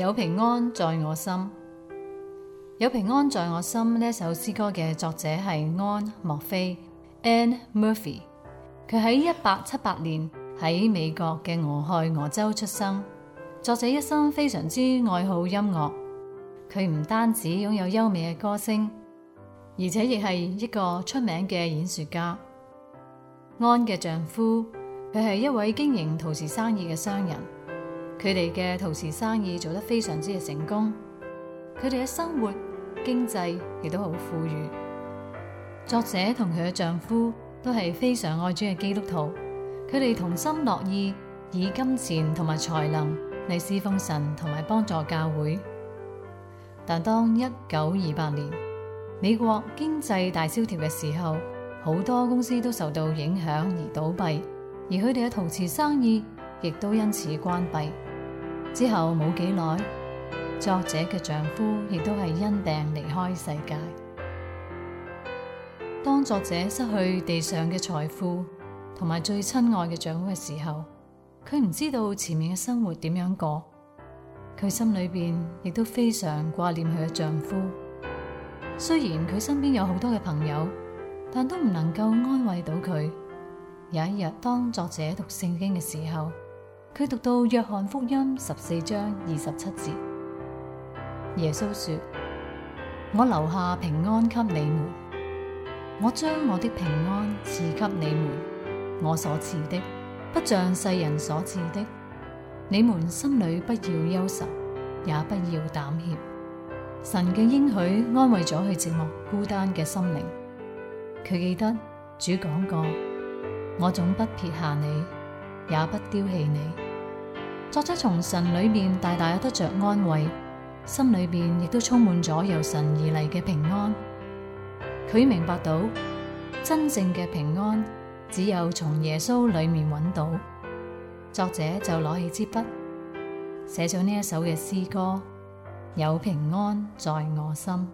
有平安在我心，有平安在我心。呢首詩歌嘅作者係安莫菲 a n n Murphy）。佢喺一八七八年喺美國嘅俄亥俄州出生。作者一生非常之愛好音樂，佢唔單止擁有優美嘅歌聲，而且亦係一個出名嘅演說家。安嘅丈夫佢係一位經營陶瓷生意嘅商人。佢哋嘅陶瓷生意做得非常之成功，佢哋嘅生活經濟亦都好富裕。作者同佢嘅丈夫都係非常愛主嘅基督徒，佢哋同心樂意以金錢同埋才能嚟侍奉神，同埋幫助教會。但當一九二八年美國經濟大蕭條嘅時候，好多公司都受到影響而倒閉，而佢哋嘅陶瓷生意亦都因此關閉。之後冇幾耐，作者嘅丈夫亦都係因病離開世界。當作者失去地上嘅財富同埋最親愛嘅丈夫嘅時候，佢唔知道前面嘅生活點樣過。佢心裏邊亦都非常掛念佢嘅丈夫。雖然佢身邊有好多嘅朋友，但都唔能夠安慰到佢。有一日，當作者讀聖經嘅時候，佢讀到約翰福音十四章二十七節，耶穌說：我留下平安給你們，我將我的平安賜給你們，我所賜的不像世人所賜的，你們心裏不要憂愁，也不要膽怯。神嘅應許安慰咗佢寂寞孤單嘅心靈。佢記得主講過：我總不撇下你。也不丟棄你。作者從神裏面大大得着安慰，心裏面亦都充滿咗由神而來嘅平安。佢明白到，真正嘅平安只有從耶穌裏面揾到。作者就攞起支筆，寫咗呢一首嘅詩歌：有平安在我心。